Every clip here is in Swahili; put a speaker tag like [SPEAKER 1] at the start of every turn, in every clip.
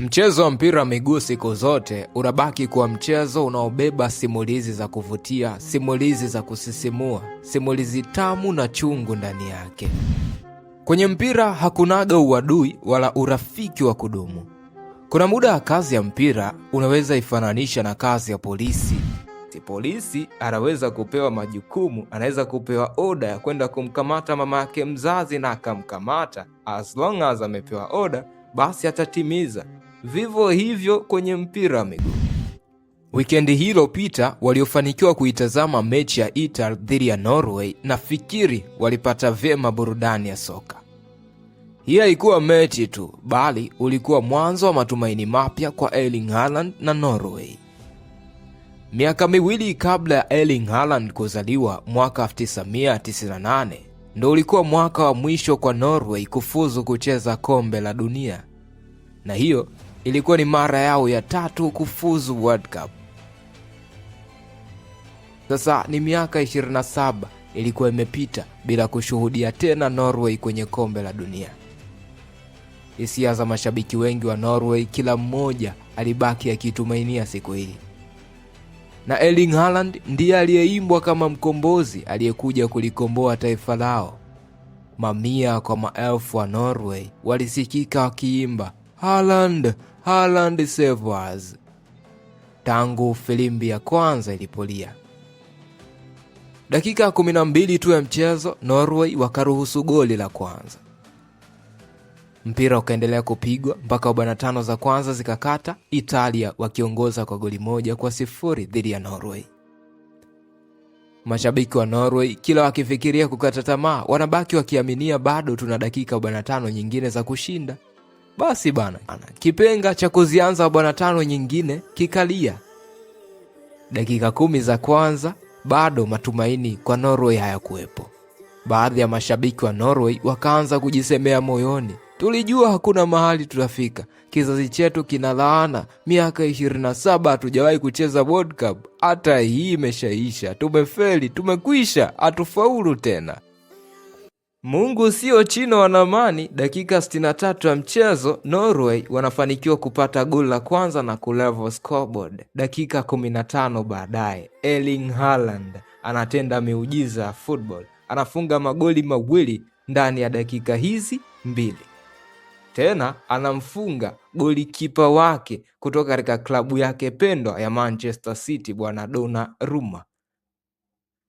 [SPEAKER 1] Mchezo wa mpira wa miguu siku zote unabaki kuwa mchezo unaobeba simulizi za kuvutia, simulizi za kusisimua, simulizi tamu na chungu ndani yake. Kwenye mpira hakunaga uadui wala urafiki wa kudumu. Kuna muda wa kazi ya mpira unaweza ifananisha na kazi ya polisi. Polisi anaweza kupewa majukumu, anaweza kupewa oda ya kwenda kumkamata mama yake mzazi, na akamkamata. As long as amepewa oda, basi atatimiza. Vivyo hivyo kwenye mpira wa miguu. Wikendi hii iliyopita waliofanikiwa kuitazama mechi ya Italy dhidi ya Norway nafikiri walipata vyema burudani ya soka. Hii haikuwa mechi tu, bali ulikuwa mwanzo wa matumaini mapya kwa Erling Haaland na Norway. Miaka miwili kabla ya Erling Haaland kuzaliwa mwaka 1998 ndo ulikuwa mwaka wa mwisho kwa Norway kufuzu kucheza kombe la dunia, na hiyo Ilikuwa ni mara yao ya tatu kufuzu World Cup. Sasa ni miaka 27 ilikuwa imepita bila kushuhudia tena Norway kwenye kombe la dunia. Hisia za mashabiki wengi wa Norway, kila mmoja alibaki akiitumainia siku hii, na Erling Haaland ndiye aliyeimbwa kama mkombozi aliyekuja kulikomboa taifa lao. Mamia kwa maelfu wa Norway walisikika wakiimba Haaland, Haaland save us tangu filimbi ya kwanza ilipolia. Dakika 12 tu ya mchezo, Norway wakaruhusu goli la kwanza. Mpira ukaendelea kupigwa mpaka arobaini tano za kwanza zikakata, Italia wakiongoza kwa goli moja kwa sifuri dhidi ya Norway. Mashabiki wa Norway kila wakifikiria kukata tamaa, wanabaki wakiaminia bado tuna dakika 45 nyingine za kushinda. Basi bana, kipenga cha kuzianza bwana tano nyingine kikalia. Dakika kumi za kwanza bado matumaini kwa Norway hayakuwepo. Baadhi ya mashabiki wa Norway wakaanza kujisemea moyoni, tulijua hakuna mahali tutafika, kizazi chetu kina laana, miaka 27 hatujawahi kucheza World Cup, hata hii imeshaisha, tumefeli, tumekwisha, hatufaulu tena. Mungu sio China wanamani Dakika 63 ya mchezo, Norway wanafanikiwa kupata goli la kwanza na kulevel scoreboard. Dakika 15 baadaye, Erling Haaland anatenda miujiza ya football, anafunga magoli mawili ndani ya dakika hizi mbili. Tena anamfunga goli kipa wake kutoka katika klabu yake pendwa ya Manchester City, bwana Donnarumma.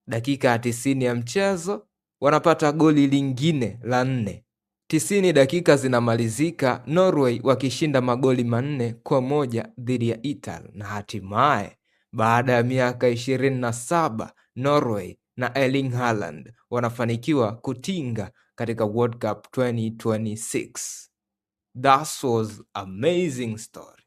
[SPEAKER 1] Dakika ya 90 ya mchezo wanapata goli lingine la nne. Tisini dakika zinamalizika Norway wakishinda magoli manne kwa moja dhidi ya Italy, na hatimaye baada ya miaka ishirini na saba Norway na Erling Haaland wanafanikiwa kutinga katika World Cup 2026. That was amazing story.